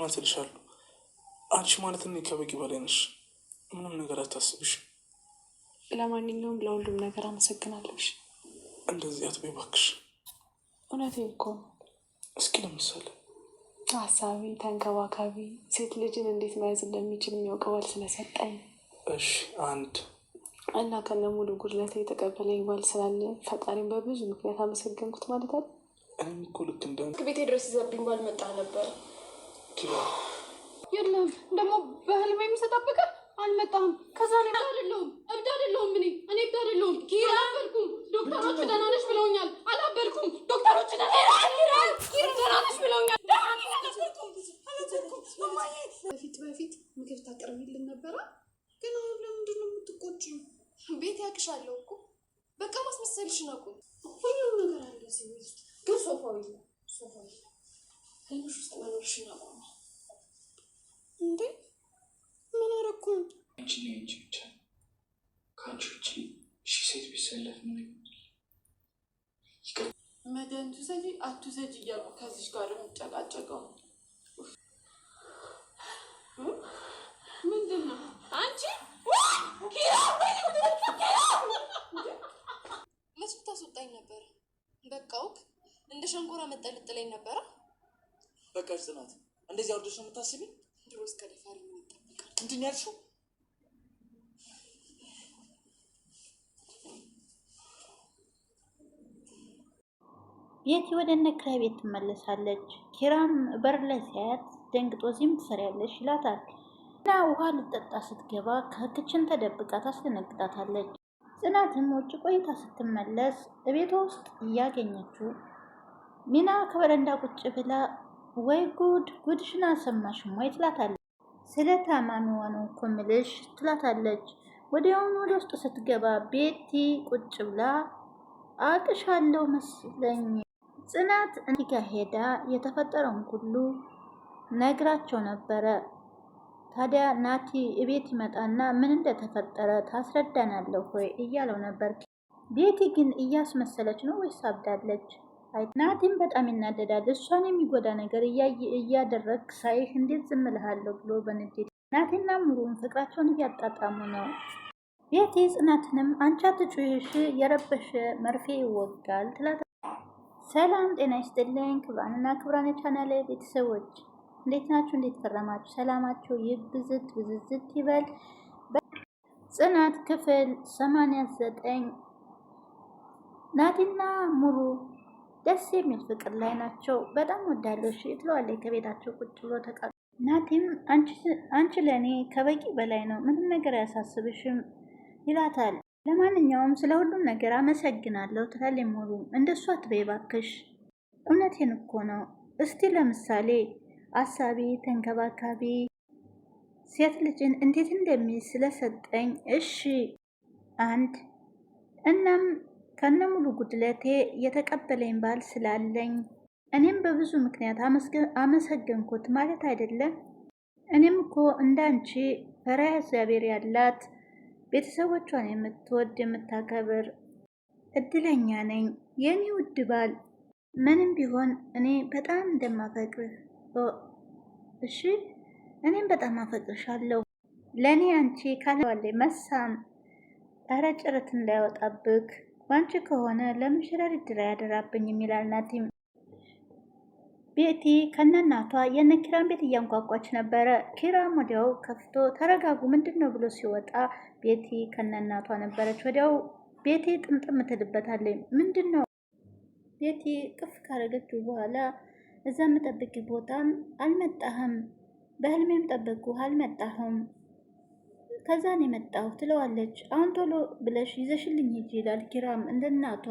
እውነት እልሻለሁ፣ አንቺ ማለት እኔ ከበቂ በላይ ነሽ። ምንም ነገር አታስብሽ። ለማንኛውም ለሁሉም ነገር አመሰግናለሽ። እንደዚህ አትበይ እባክሽ። እውነቴን እኮ እስኪ ለምሳሌ ሀሳቢ ተንከባካቢ፣ ሴት ልጅን እንዴት መያዝ እንደሚችል የሚያውቅ ባል ስለሰጠኝ፣ እሺ አንድ እና ከነ ሙሉ ጉድለት የተቀበለኝ ባል ስላለ ፈጣሪን በብዙ ምክንያት አመሰገንኩት ማለት አለ። እኔም እኮ ልክ እንደ ቤቴ ድረስ ይዘብኝ ባል መጣ ነበር። የለም ደግሞ በህልሜ የሚሰጠብቀ አልመጣም። ከዛ እኔ እብድ አይደለሁም፣ እብድ አይደለሁም። እኔ እኔ እብድ አይደለሁም። አላበድኩም። ዶክተሮቹ ደህና ነሽ ብለውኛል። አላበድኩም። ዶክተሮቹ ደህና ነሽ ብለውኛል። በፊት በፊት ምግብ ታቀርቢልን ነበረ፣ ግን አሁን ለምንድን ነው የምትቆጪው? ቤት ያቅሻለሁ እኮ በቃ ማስመሰልሽ ነው እኮ። ሁሉም ነገር አለ እዚህ ቤት ውስጥ ሶፋ ትንሽ ውስጥ መኖርሽን አቆመ እንዴ? ምን አረኩኝ? እያልኩ ከዚች ጋር የምጨቃጨቀው ምንድን ነው? አንቺ መስ ታስወጣኝ ነበር? በቃ ውክ እንደ ሸንኮራ መጠልጥለኝ ነበረ። በቃ ጽናት፣ እንደዚህ አውርደሽ ነው የምታስቢ? ድሮስ ከደፋሪ ምን ይጠበቃል? ምንድን ያልሽው? ቤቲ ወደ እነ ቤት ትመለሳለች። ኪራም በር ላይ ሲያያት ደንግጦ እዚህም ትሰሪያለሽ ይላታል እና ውሃ ልጠጣ ስትገባ ከክችን ተደብቃ ታስደነግጣታለች። ጽናትም ውጭ ቆይታ ስትመለስ እቤቷ ውስጥ እያገኘችው ሚና ከበረንዳ ቁጭ ብላ ወይ ጉድ ጉድሽን አልሰማሽም ወይ ትላታለች። ስለ ታማሚዋ ነው እኮ እምልሽ ትላታለች። ወዲያውኑ ወደ ውስጥ ስትገባ ቤቲ ቁጭ ብላ አቅሻለሁ መስለኝ ጽናት እንዲጋ ሄዳ የተፈጠረውን ሁሉ ነግራቸው ነበረ። ታዲያ ናቲ እቤት ይመጣና ምን እንደተፈጠረ ታስረዳናለሁ ወይ እያለው ነበር። ቤቲ ግን እያስመሰለች ነው ወይስ አብዳለች? ናቲም በጣም ይናደዳል። እሷን የሚጎዳ ነገር እያደረግ ሳይህ እንዴት ዝም እልሃለሁ ብሎ በንዴት ናቲና ምሩን ፍቅራቸውን እያጣጣሙ ነው። ቤቴ ጽናትንም አንቺ አትጩሂሽ የረበሸ መርፌ ይወጋል ትላታ። ሰላም ጤና ይስጥልኝ ክብራንና ክብራን የቻናለ ቤተሰቦች እንዴት ናችሁ? እንዴት ከረማችሁ? ሰላማችሁ ይብዝት ብዝዝት ይበል። ጽናት ክፍል ዘጠኝ ናቲና ሙሩ ደስ የሚል ፍቅር ላይ ናቸው። በጣም ወዳለሽ ትለዋለች ከቤታቸው ቁጭ ብሎ ተቃ ናቲም አንቺ ለእኔ ከበቂ በላይ ነው፣ ምንም ነገር አያሳስብሽም ይላታል። ለማንኛውም ስለ ሁሉም ነገር አመሰግናለሁ ትላለች። ሙሉ እንደሷ አትበይ እባክሽ፣ እውነቴን እኮ ነው። እስቲ ለምሳሌ አሳቢ፣ ተንከባካቢ ሴት ልጅን እንዴት እንደሚይዝ ስለሰጠኝ እሺ አንድ እናም ሙሉ ጉድለቴ የተቀበለኝ ባል ስላለኝ እኔም በብዙ ምክንያት አመሰገንኩት ማለት አይደለም። እኔም እኮ እንዳንቺ ፈሪሃ እግዚአብሔር ያላት ቤተሰቦቿን የምትወድ የምታከብር እድለኛ ነኝ። የኔ ውድ ባል ምንም ቢሆን እኔ በጣም እንደማፈቅርህ እሺ፣ እኔም በጣም አፈቅርሻለሁ። ለእኔ አንቺ ካለዋለ መሳም ኧረ ጭረት እንዳያወጣብክ ባንቺ ከሆነ ለምን ሽረድድራ ያደራብኝ የሚላል ናቲም ቤቲ ከነናቷ የነ ኪራን ቤት እያንኳኳች ነበረ። ኪራም ወዲያው ከፍቶ ተረጋጉ ምንድን ነው ብሎ ሲወጣ ቤቲ ከነናቷ ነበረች። ወዲያው ቤቲ ጥምጥም ትልበታለኝ። ምንድን ነው ቤቲ ቅፍ ካረገችው በኋላ እዛ የምጠብቅ ቦታም አልመጣህም፣ በህልሜም ጠበቅኩ አልመጣህም ነው የመጣው ትለዋለች። አሁን ቶሎ ብለሽ ይዘሽልኝ ሂጂ ይላል። ኪራም እንደ እናቷ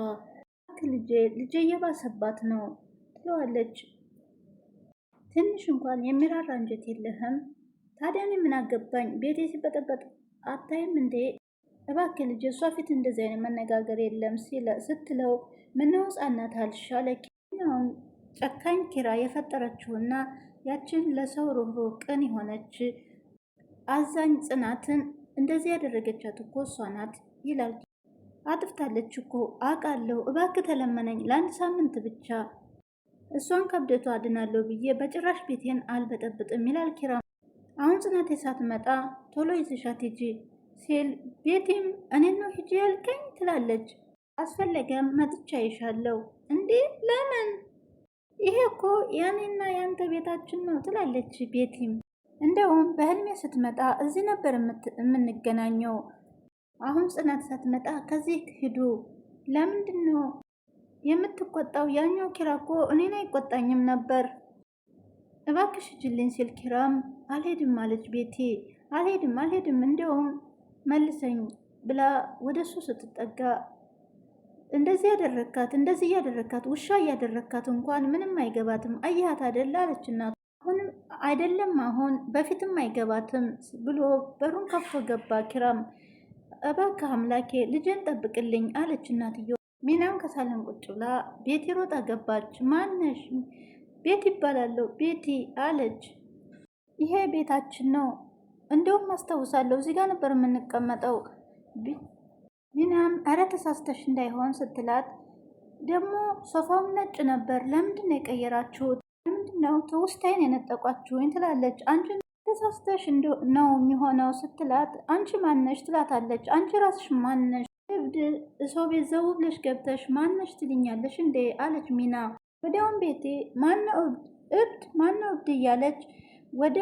ልጄ ልጄ እየባሰባት ነው ትለዋለች። ትንሽ እንኳን የሚራራ አንጀት የለህም። ታዲያን የምናገባኝ ቤቴ ሲበጠበጥ አታይም እንዴ? እባክህ ልጄ፣ እሷ ፊት እንደዚህ አይነት መነጋገር የለም ስትለው ምነው ሕፃናት አልሽ አለ። ጨካኝ ኪራ የፈጠረችውና ያችን ለሰው ሩህሩህ ቅን የሆነች አዛኝ ጽናትን እንደዚህ ያደረገቻት እኮ እሷ ናት ይላል። አጥፍታለች እኮ አውቃለሁ፣ እባክህ ተለመነኝ፣ ለአንድ ሳምንት ብቻ እሷን ከብደቷ አድናለሁ ብዬ በጭራሽ ቤቴን አልበጠብጥም ይላል ኪራ። አሁን ጽናት ሳትመጣ ቶሎ ይዘሻት ሂጂ ሲል ቤቲም እኔ ነው ሂጂ ያልከኝ ትላለች። አስፈለገም መጥቻ ይሻለው እንዴ ለምን? ይሄ እኮ ያኔና ያንተ ቤታችን ነው ትላለች ቤቲም እንደውም በህልሜ ስትመጣ እዚህ ነበር የምንገናኘው። አሁን ጽናት ሳትመጣ ከዚህ ሂዱ። ለምንድን ነው የምትቆጣው? ያኛው ኪራ እኮ እኔን አይቆጣኝም ነበር። እባክሽ ሂጂልኝ ሲል ኪራም አልሄድም አለች ቤቲ። አልሄድም አልሄድም፣ እንደውም መልሰኝ ብላ ወደሱ ስትጠጋ እንደዚህ ያደረካት እንደዚህ እያደረካት ውሻ እያደረካት እንኳን ምንም አይገባትም። አያት አደላ አለች እናቱ። አሁንም አይደለም አሁን በፊትም አይገባትም ብሎ በሩን ከፍቶ ገባ። ኪራም እባክህ አምላኬ ልጄን ጠብቅልኝ አለች እናትዮ ሚናም ከሳለን ቁጭ ብላ ቤቲ ሮጣ ገባች። ማነሽ? ቤት ይባላለሁ ቤቲ አለች። ይሄ ቤታችን ነው እንደውም አስታውሳለሁ፣ እዚህ ጋር ነበር የምንቀመጠው። ሚናም አረ ተሳስተሽ እንዳይሆን ስትላት ደግሞ ሶፋውም ነጭ ነበር ለምንድን ነው የቀየራችሁት? ነው ትውስታዬን የነጠቋችሁኝ ትላለች። አንቺ ተሳስተሽ ነው የሚሆነው ስትላት፣ አንቺ ማነሽ ትላታለች። አንቺ ራስሽ ማነሽ እብድ ሰው ቤት ዘው ብለሽ ገብተሽ ማነሽ ትልኛለሽ እንዴ አለች ሚና። ወዲያውም ቤቴ ማነው እብድ ማነው እብድ እያለች ወደ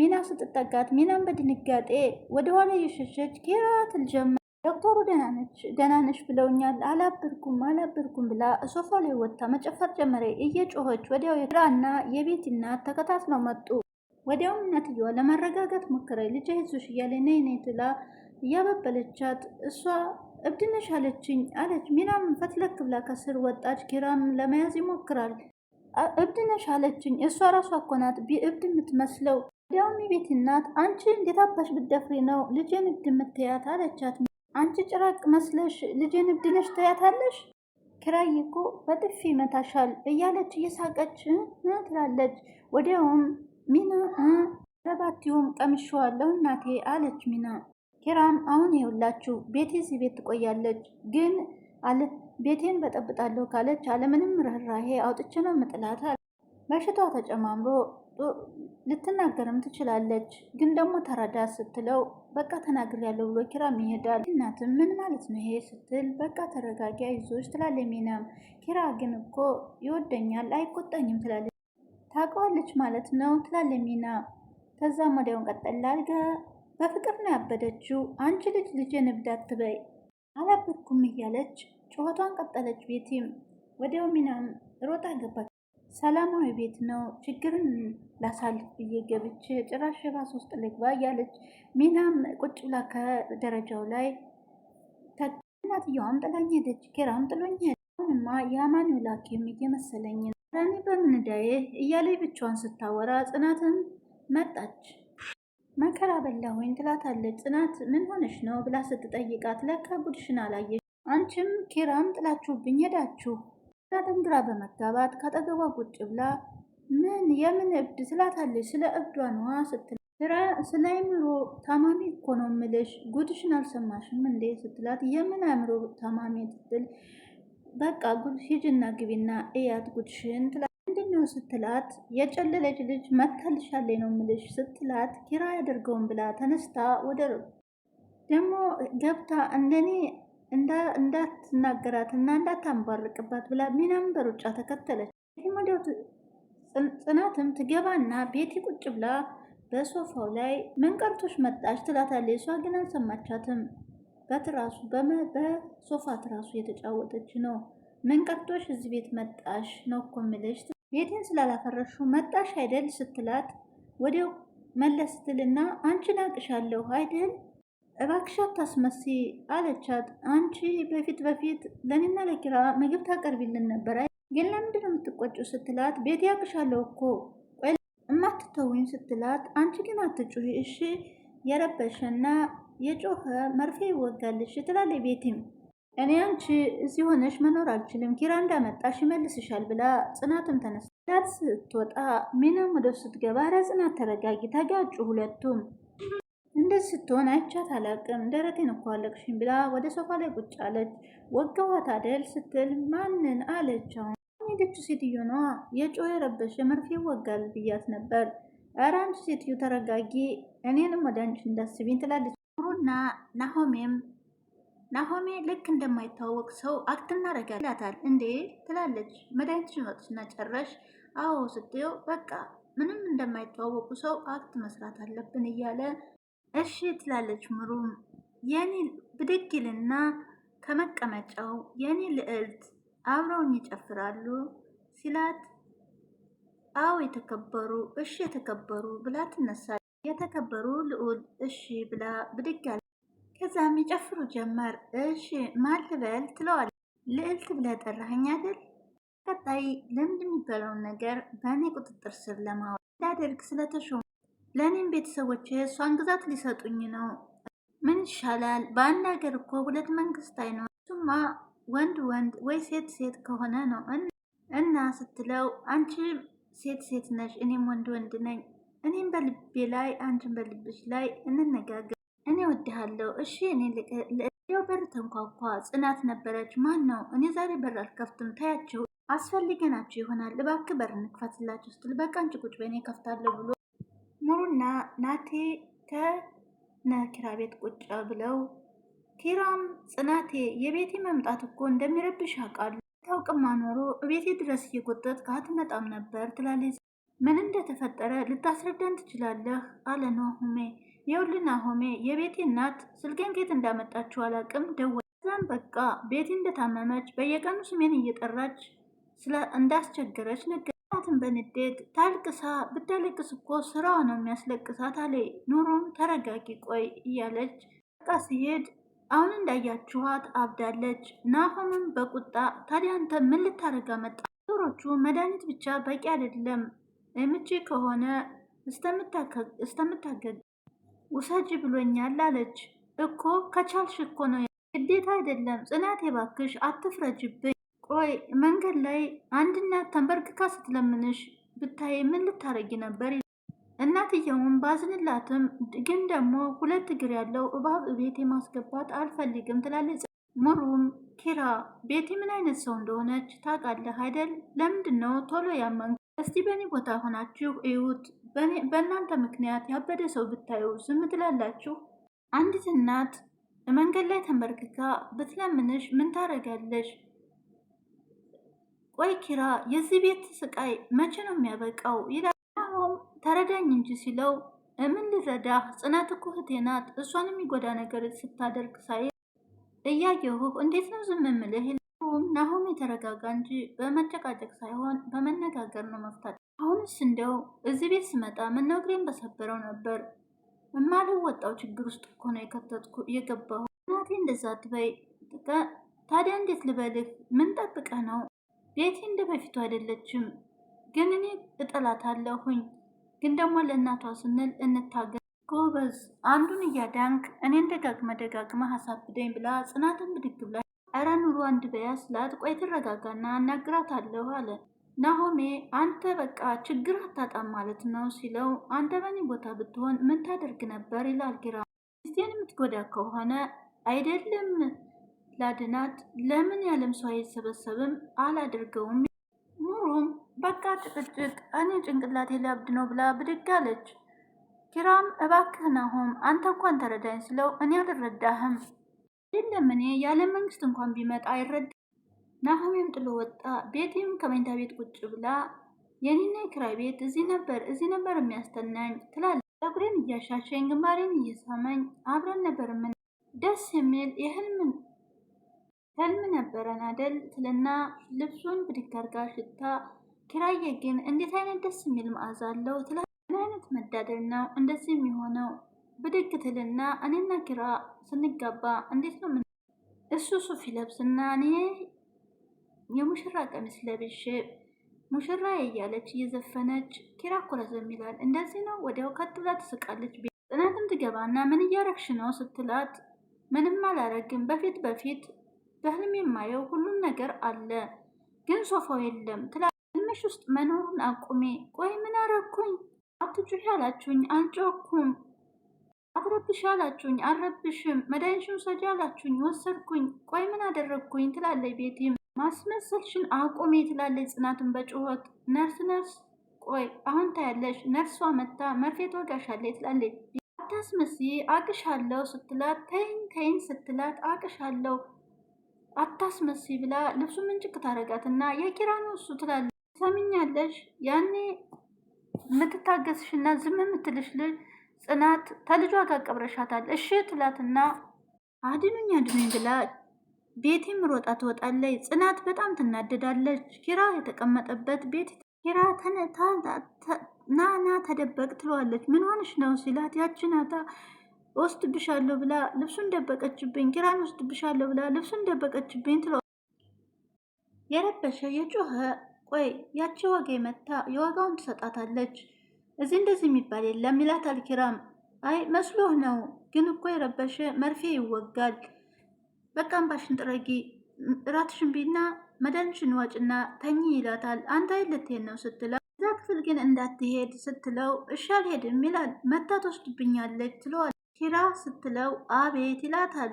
ሚና ስትጠጋት፣ ሚናን በድንጋጤ ወደኋላ የሸሸች ኬራ ትልጀመር ዶክተሩ ደህና ነች ደህና ነች ብለውኛል፣ አላበድኩም አላበድኩም ብላ ሶፋ ላይ ወጥታ መጨፈር ጀመረ እየጮኸች። ወዲያው የራና የቤት እናት ተከታትለው መጡ። ወዲያውም እናትየዋ ለመረጋጋት ሞከረ። ልጅ አይዞሽ እያለ ነይ ነይ ትላ እያበበለቻት እሷ እብድ ነሽ አለችኝ አለች። ሚናም ፈትለክ ብላ ከስር ወጣች። ኪራም ለመያዝ ይሞክራል። እብድ ነሽ አለችኝ። እሷ ራሷ እኮ ናት እብድ የምትመስለው። ወዲያውም የቤት እናት አንቺ እንዴት አባሽ ብትደፍሪ ነው ልጄን እብድ የምትያት አለቻት። አንቺ ጭራቅ መስለሽ ልጄን እብድለሽ ታያታለሽ? ኪራይ እኮ በጥፊ ይመታሻል እያለች እየሳቀች ትላለች። ወዲያውም ሚና ረባቲውም አለው እናቴ አለች ሚና። ኪራም አሁን ይኸውላችሁ ቤቴ እዚህ ቤት ትቆያለች፣ ግን ቤቴን በጠብጣለሁ ካለች አለምንም ርኅራሄ አውጥቼ ነው የምጥላት። በሽታዋ ተጨማምሮ ልትናገርም ትችላለች፣ ግን ደግሞ ተረዳ ስትለው በቃ ተናግር ያለው ብሎ ኪራም ይሄዳል። እናትም ምን ማለት ነው ይሄ ስትል በቃ ተረጋጊያ ይዞች ትላለ ሚናም ኪራ ግን እኮ ይወደኛል አይቆጣኝም ትላለ ታውቀዋለች ማለት ነው ትላለ ሚና። ከዛም ወዲያውን ቀጠል አድርጋ በፍቅር ነው ያበደችው። አንቺ ልጅ ልጅ እብድ አትበይ አላበድኩም እያለች ጩኸቷን ቀጠለች። ቤቲም ወዲያው ሚናም ሮጣ ገባች። ሰላማዊ ቤት ነው። ችግርን ላሳልፍ ብዬ ገብቼ ጭራሽ ራስ ውስጥ ልግባ እያለች ሚናም ቁጭ ብላ ከደረጃው ላይ እናትየዋም ጥላኝ ሄደች። ኬራም ጥሎኝ ሁንማ አሁንማ የአማን ላኪም እየመሰለኝ ነው። በምንዳዬ እያለች ብቻዋን ስታወራ ጽናትም መጣች። መከራ በላሁኝ ትላታለች። ጽናት ምን ሆነሽ ነው ብላ ስትጠይቃት ለካ ጉድሽን አላየች አንቺም ኬራም ጥላችሁብኝ ሄዳችሁ ናትም ግራ በመጋባት ከአጠገቧ ቁጭ ብላ ምን የምን እብድ ትላታለች። ስለ እብዷ ነዋ ስትል ስለ አይምሮ ታማሚ እኮ ነው ምልሽ ጉድሽን አልሰማሽም እንዴ ስትላት የምን አይምሮ ታማሚ ስትል በቃ ጉድ ሂጅና ግቢና እያት ጉድሽን ትላት። ምንድነው ስትላት የጨለለች ልጅ መታልሻለች ነው ምልሽ ስትላት ኪራ ያደርገውን ብላ ተነስታ ወደ ደግሞ ገብታ እንደኔ እንዳትናገራት እና እንዳታንባርቅባት ብላ ሚናም በሩጫ ተከተለች። ወዲያው ጽናትም ትገባና ቤቲ ቁጭ ብላ በሶፋው ላይ መንቀርቶች መጣች ትላታለች። እሷ ግን አልሰማቻትም። በትራሱ በሶፋ ትራሱ እየተጫወተች ነው። መንቀርቶሽ እዚህ ቤት መጣሽ ነው እኮ ቤቴን ስላላፈረሹ መጣሽ አይደል ስትላት ወዲያው መለስትልና አንቺን አውቅሻለሁ አይደል እባክሽ ታስመሲ አለቻት። አንቺ በፊት በፊት ለኔና ለኪራ ምግብ ታቀርቢልን ነበር ግን ለምንድን ነው ስትላት ቤት ያቅሻለሁ እኮ እማትተውኝ ስትላት አንቺ ግን አትጩሂ እሺ የረበሸና የጮኸ መርፌ ይወጋልሽ ትላለች ቤቲም እኔ አንቺ እዚህ ሆነሽ መኖር አልችልም፣ ኪራ እንዳመጣሽ ይመልስሻል ብላ ጽናትም ተነስታት ስትወጣ ሚንም ወደ ስትገባ ረጽናት ተረጋጊ፣ ተጋጩ ሁለቱም እንደዚህ ስትሆን አይቻት አላቅም ደረቴን እኮ አለቅሽኝ ብላ ወደ ሶፋ ላይ ቁጭ አለች። ወገዋት አደል ስትል ማንን አለች። ሄደች ሴትዮ ነዋ የጮ የረበሸ መርፌ ይወጋል ብያት ነበር። ኧረ አንቺ ሴትዮ ተረጋጊ፣ እኔንም ወደ አንቺ እንዳስቢኝ ትላለች። ሩና ናሆሜም ናሆሜ ልክ እንደማይታወቅ ሰው አክት እናደረጋ ይላታል። እንዴ ትላለች። መድኃኒትሽ መጥሽና ጨረሽ? አዎ ስትየው በቃ ምንም እንደማይተዋወቁ ሰው አክት መስራት አለብን እያለ እሺ ትላለች ምሩም የኔ ብድግልና ከመቀመጫው የኔ ልዕልት አብረውን ይጨፍራሉ ሲላት፣ አዎ የተከበሩ እሺ የተከበሩ ብላ ትነሳ የተከበሩ ልዑል እሺ ብላ ብድግ አለ። ከዛም ይጨፍሩ ጀመር። እሺ ማን ልበል ትለዋለች። ልዕልት ብለህ ጠራኸኝ አይደል? ቀጣይ ልምድ የሚባለውን ነገር በእኔ ቁጥጥር ስር ለማዋል እንዳደርግ ስለተሾሙ ለእኔም ቤተሰቦች እሷን ግዛት ሊሰጡኝ ነው። ምን ይሻላል? በአንድ ሀገር እኮ ሁለት መንግስት አይኖር። እሱማ ወንድ ወንድ ወይ ሴት ሴት ከሆነ ነው እና ስትለው አንቺ ሴት ሴት ነሽ፣ እኔም ወንድ ወንድ ነኝ። እኔም በልቤ ላይ አንቺን በልብሽ ላይ እንነጋገር። እኔ ወድሃለሁ። እሺ እኔ ልቀለው። በር ተንኳኳ። ጽናት ነበረች። ማን ነው? እኔ ዛሬ በር አልከፍትም። ታያቸው አስፈልገናቸው ይሆናል። እባክህ በር እንክፈትላችሁ ስትል በቃ አንቺ ቁጭ ከፍታለሁ ብሎ ሙሩና ናቴ ከነኪራ ቤት ቁጭ ብለው ኪራም ጽናቴ የቤቴ መምጣት እኮ እንደሚረብሽ አውቃለሁ። ታውቅማ ኖሮ ቤቴ ድረስ እየጎጠት ካትመጣም ነበር ትላለች። ምን እንደተፈጠረ ልታስረዳን ትችላለህ? አለ ናሆሜ። የውልና ሆሜ የቤቴ እናት ስልኬን ከየት እንዳመጣችው አላቅም ደወ ዛም በቃ ቤቴ እንደታመመች በየቀኑ ስሜን እየጠራች እንዳስቸገረች ነገር ሜላትን በንዴት ታልቅሳ ብታለቅስ እኮ ስራዋ ነው የሚያስለቅሳት አለ። ኑሮም ተረጋጊ ቆይ እያለች በቃ ሲሄድ አሁን እንዳያችኋት አብዳለች። ናሆምም በቁጣ ታዲያ አንተ ምን ልታደርጋ መጣ? ዶሮቹ መድኃኒት ብቻ በቂ አይደለም፣ የምቼ ከሆነ እስተምታገግ ውሰጅ ብሎኛል አለች። እኮ ከቻልሽ እኮ ነው ግዴታ አይደለም ጽናት፣ የባክሽ አትፍረጅብኝ ቆይ መንገድ ላይ አንድ እናት ተንበርክካ ስትለምንሽ ብታይ ምን ልታረጊ ነበር? እናትየውም ባዝንላትም ግን ደግሞ ሁለት እግር ያለው እባብ ቤት የማስገባት አልፈልግም ትላለች። ሙሩም ኪራ ቤቲ ምን አይነት ሰው እንደሆነች ታውቃለህ አይደል? ለምንድን ነው ቶሎ ያመን? እስቲ በእኔ ቦታ ሆናችሁ እዩት። በእናንተ ምክንያት ያበደ ሰው ብታዩ ዝም ትላላችሁ? አንዲት እናት መንገድ ላይ ተንበርክካ ብትለምንሽ ምን ታረጋለሽ? ቆይ ኪራ የዚህ ቤት ስቃይ መቼ ነው የሚያበቃው? ይላሁም ተረዳኝ እንጂ ሲለው ምን ልረዳ ጽናት እኮ እህቴ ናት። እሷን የሚጎዳ ነገር ስታደርግ ሳይ እያየሁህ እንዴት ነው ዝም የምልህ? ይላሁም ናሁም የተረጋጋ እንጂ በመጨቃጨቅ ሳይሆን በመነጋገር ነው መፍታት። አሁንስ እንደው እዚህ ቤት ስመጣ ምነው እግሬን በሰበረው ነበር። የማልወጣው ችግር ውስጥ እኮ ነው የከተትኩ የገባሁ። እናቴ እንደዛ ትበይ። ታዲያ እንዴት ልበልህ? ምን ጠብቀህ ነው ቤቲ እንደ በፊቱ አይደለችም፣ ግን እኔ እጠላታለሁኝ። ግን ደግሞ ለእናቷ ስንል እንታገ ጎበዝ። አንዱን እያዳንክ እኔን ደጋግመ ደጋግመ ሀሳብ ብላ ጽናትን ብድግ ብላ ኧረ ኑሮ አንድ በያ ስላት፣ ቆይ ትረጋጋና አናግራታለሁ አለ ናሆሜ። አንተ በቃ ችግር አታጣም ማለት ነው ሲለው፣ አንተ በኔ ቦታ ብትሆን ምን ታደርግ ነበር ይላል ኪራ። ሚስቴን የምትጎዳ ከሆነ አይደለም ላድናት ለምን ያለም ሰው አይሰበሰብም አላደርገውም። ሙሩም በቃ ጭቅጭቅ እኔ ጭንቅላቴ ሊያብድ ነው ብላ ብድግ አለች። ኪራም እባክህ ናሆም አንተ እንኳን ተረዳኝ ስለው እኔ አልረዳህም አይደለም እኔ ያለ መንግስት እንኳን ቢመጣ አይረዳ። ናሆሜም ጥሎ ወጣ። ቤቴም ከመኝታ ቤት ቁጭ ብላ የኔና የኪራይ ቤት እዚህ ነበር እዚህ ነበር የሚያስተናኝ ትላለች። ፀጉሬን እያሻሸኝ ግንባሬን እየሳመኝ አብረን ነበር ምን ደስ የሚል የህልምን ህልም ነበረን አደል ትልና ልብሱን ብድግ ሽታ ኪራዬ ግን እንዴት አይነት ደስ የሚል መዓዛ አለው ምን አይነት መዳደል ነው እንደዚህ የሚሆነው ብድግ ትልና እኔና ኪራ ስንጋባ እንዴት ነው እሱ ሱፍ ይለብስና እኔ የሙሽራ ቀሚስ ለብሼ ሙሽራ እያለች እየዘፈነች ኪራ ኮረዘም ይላል እንደዚህ ነው ወዲያው ብላ ትስቃለች ጽናትም ትገባና ምን እያረግሽ ነው ስትላት ምንም አላረግም በፊት በፊት በህልም የማየው ሁሉም ነገር አለ፣ ግን ሶፋው የለም ትላ ህልምሽ ውስጥ መኖሩን አቁሜ። ቆይ ምን አረኩኝ? አትጩሂ አላችሁኝ፣ አልጮኩም። አትረብሽ አላችሁኝ፣ አልረብሽም። መድኃኒትሽን ውሰጂ አላችሁኝ፣ ወሰድኩኝ። ቆይ ምን አደረግኩኝ? ትላለች ቤቲም። ማስመሰልሽን አቁሜ ትላለች ጽናትን በጩኸት። ነርስ ነርስ፣ ቆይ አሁን ታያለሽ። ነርሷ መታ መርፌ ተወጋሻለ ትላለች። አታስመስዬ አቅሻለሁ ስትላት፣ ተይኝ ተይኝ ስትላት፣ አቅሻለሁ አታስመስይ ብላ ልብሱ ምንጭቅ ታረጋትና የኪራ ነው እሱ ትላለች። ሰምኛለሽ ያኔ እና ዝም የምትልሽ ልጅ ጽናት ከልጇ ጋር ቀብረሻታል እሺ ትላትና አድኑኝ አድኑኝ ብላ ቤቴም ሮጣ ትወጣለች። ጽናት በጣም ትናደዳለች። ኪራ የተቀመጠበት ቤት ኪራ ናና ተደበቅ ትለዋለች። ምን ሆንሽ ነው ሲላት ያችናታ እወስድብሻለሁ ብላ ልብሱን ደበቀችብኝ፣ ኪራን እወስድብሻለሁ ብላ ልብሱን ደበቀችብኝ ትሎ የረበሸ የጮኸ ቆይ ያቺ ዋጋ መታ የዋጋውን ትሰጣታለች። እዚህ እንደዚህ የሚባል የለም ይላታል ኪራም። አይ መስሎህ ነው ግን እኮ የረበሸ መርፌ ይወጋል። በቃ እምባሽን ጥረጊ እራትሽን ቢና መድኃኒትሽን ዋጭና ተኚ ይላታል። አንተ ልትሄድ ነው ስትለው እዛ ክፍል ግን እንዳትሄድ ስትለው እሺ አልሄድም ይላል። መታ ትወስድብኛለች ትለዋል ኪራ ስትለው አቤት ይላታል።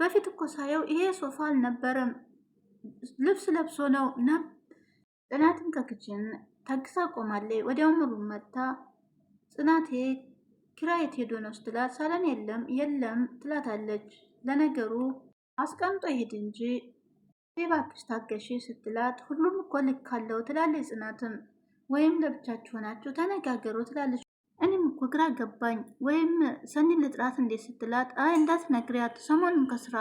በፊት እኮ ሳየው ይሄ ሶፋ አልነበረም፣ ልብስ ለብሶ ነው ና ጽናትን ከክችን ታግሳ ቆማለች። ወዲያውም ሩም መታ ጽናቴ ኪራ የት ሄዶ ነው ስትላት ሳለን የለም የለም ትላታለች። ለነገሩ አስቀምጦ ይሄድ እንጂ እባክሽ ታገሺ ስትላት ሁሉም እኮ ልክ አለው ትላለች። ጽናትም ወይም ለብቻችሁ ሆናችሁ ተነጋገሩ ትላለች። እኮ ግራ ገባኝ። ወይም ሰኒን ልጥራት እንዴት ስትላት፣ አይ እንዳትነግሪያት ሰሞኑን ከስራ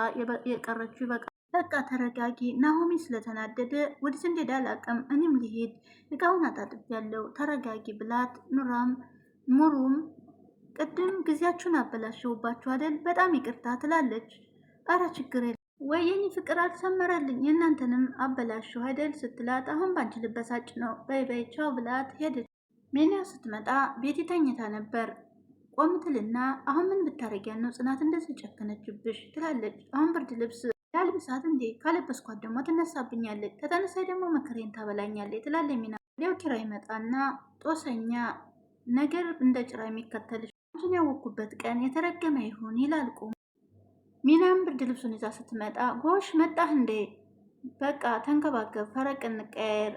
የቀረችው ይበቃል። በቃ ተረጋጊ። ናሆሚ ስለተናደደ ወደ ስንዴዳ አላቅም። እኔም ልሄድ እቃውን አጣጥፍ ያለው ተረጋጊ ብላት፣ ኑራም ሙሩም ቅድም ጊዜያችሁን አበላሸውባችሁ አደል በጣም ይቅርታ ትላለች። አረ ችግር ወይ የኔ ፍቅር አልሰመረልኝ፣ የእናንተንም አበላሸው አደል ስትላት፣ አሁን ባንቺ ልበሳጭ ነው በይ በይ ቻው ብላት ሄደች። ሜሊያ ስትመጣ ቤት ተኝታ ነበር። ቆምትልና አሁን ምን ብታረጊያን ነው ጽናት እንደዚህ ጨከነችብሽ? ትላለች። አሁን ብርድ ልብስ ያልብሳት እንዴ? ካለበስኳት ደግሞ ትነሳብኛለች፣ ከተነሳይ ደግሞ መከሬን ታበላኛለች ትላለች ሚና። ወዲያው ኪራ ይመጣና ጦሰኛ ነገር እንደ ጭራ የሚከተልሽ አንቺን ያወኩበት ቀን የተረገመ ይሁን ይላል። ቁም ሚናም ብርድ ልብሱን ይዛ ስትመጣ ጎሽ መጣህ እንዴ? በቃ ተንከባከብ፣ ፈረቅ እንቀያየር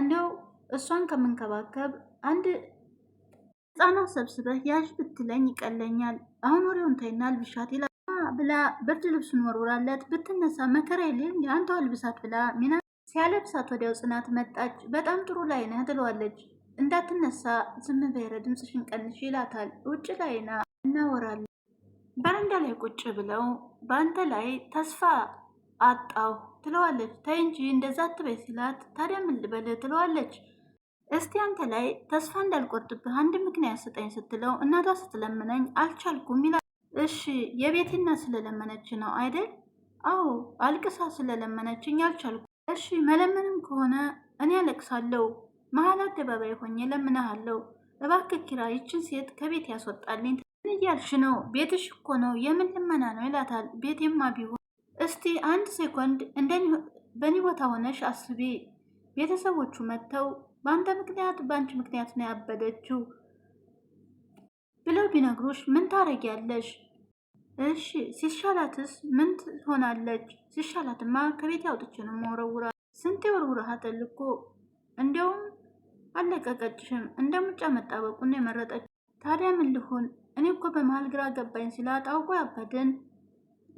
እንዲያው እሷን ከምንከባከብ አንድ ህፃናት ሰብስበህ ያዥ ብትለኝ ይቀለኛል። አሁን ወሬውን ተይና አልብሻት ይላል ብላ ብርድ ልብሱን ወርውራለት ብትነሳ መከራ የለም የአንተው አልብሳት ብላ ሚና ሲያለብሳት ወዲያው ጽናት መጣች። በጣም ጥሩ ላይ ነህ ትለዋለች። እንዳትነሳ ዝም በይረ ድምፅሽን ቀንሽ ይላታል። ውጭ ላይና እናወራለን። በረንዳ ላይ ቁጭ ብለው በአንተ ላይ ተስፋ አጣሁ ትለዋለች። ተይ እንጂ እንደዛ አትበይ ሲላት ታዲያ ምን ትለዋለች። እስቲ አንተ ላይ ተስፋ እንዳልቆርጥብህ አንድ ምክንያት ስጠኝ ስትለው እናቷ ስትለምነኝ አልቻልኩም ይላል። እሺ የቤቴ ስለለመነች ነው አይደል? አዎ አልቅሳ ስለለመነችኝ አልቻልኩም። እሺ መለመንም ከሆነ እኔ አለቅሳለሁ፣ መሀል አደባባይ ሆኜ ለምንሃለሁ። እባክህ ኪራ ይችን ሴት ከቤት ያስወጣልኝ። ምን እያልሽ ነው? ቤትሽ እኮ ነው፣ የምን ልመና ነው ይላታል። ቤቴማ ቢሆን እስቲ አንድ ሴኮንድ በእኔ ቦታ ሆነሽ አስቤ ቤተሰቦቹ መጥተው በአንተ ምክንያት በአንቺ ምክንያት ነው ያበደችው ብለው ቢነግሮሽ ምን ታረጊያለሽ? እሺ ሲሻላትስ ምን ትሆናለች? ሲሻላትማ ከቤት ያውጥቼ ነው መወረውራ። ስንት የወርውረሃታል እኮ እንዲያውም አለቀቀችሽም። እንደ ሙጫ መጣበቁን የመረጠች። ታዲያ ምን ልሁን? እኔ እኮ በመሀል ግራ ገባኝ ሲላት አውቆ ያበድን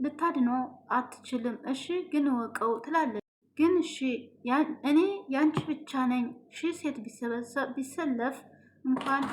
ልታድኖ አትችልም። እሺ ግን ወቀው ትላለች። ግን እሺ እኔ ያንቺ ብቻ ነኝ ሺ ሴት ቢሰለፍ እንኳን